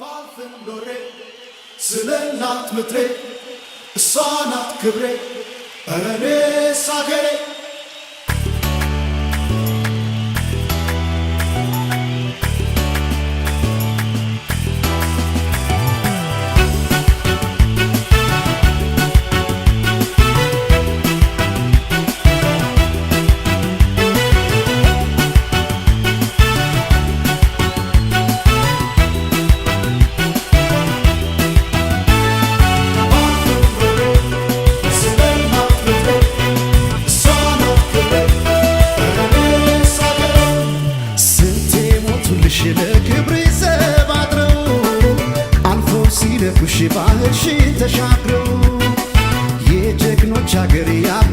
ባልፍንዶሬ ስለ እናት ምትሬ እሷ ናት ክብሬ እኔ አገሬ Chagriya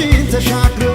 ሺን ተሻግሮ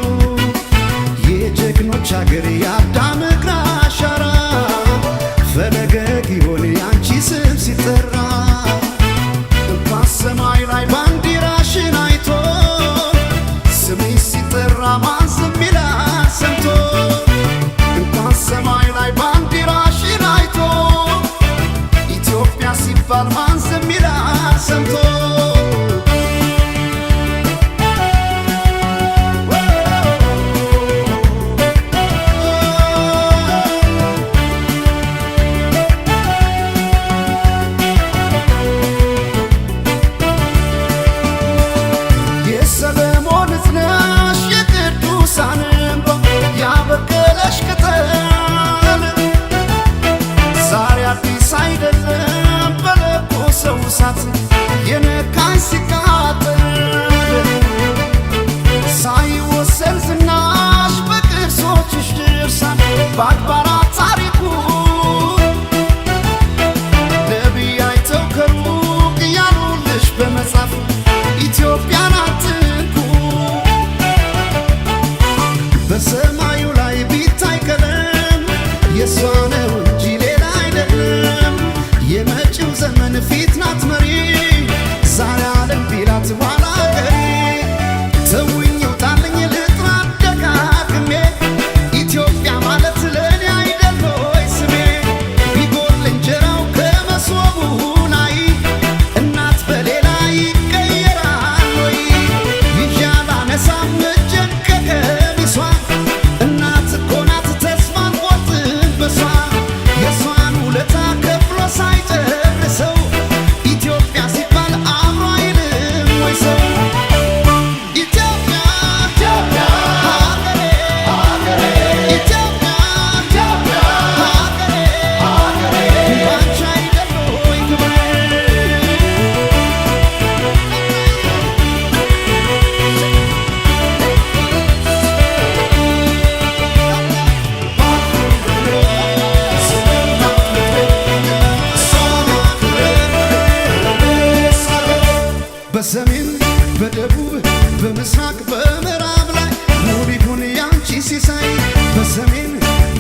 በደቡብ በምስራቅ በምዕራብ ላይ ሙሉ ይሁን ያንቺ ሲሳይ በሰሜን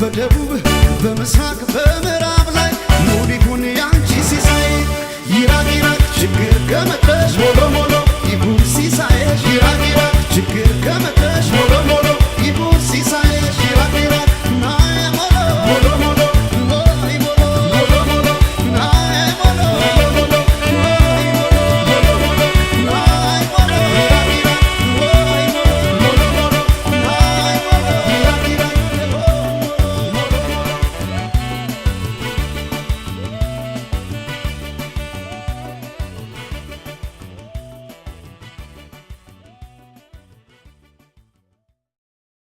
በደቡብ በምስራቅ በምዕራብ ላይ ሙሉ ይሁን ያንቺ ሲሳይ ይራቅ ይራቅ ችግር ከመጣሽ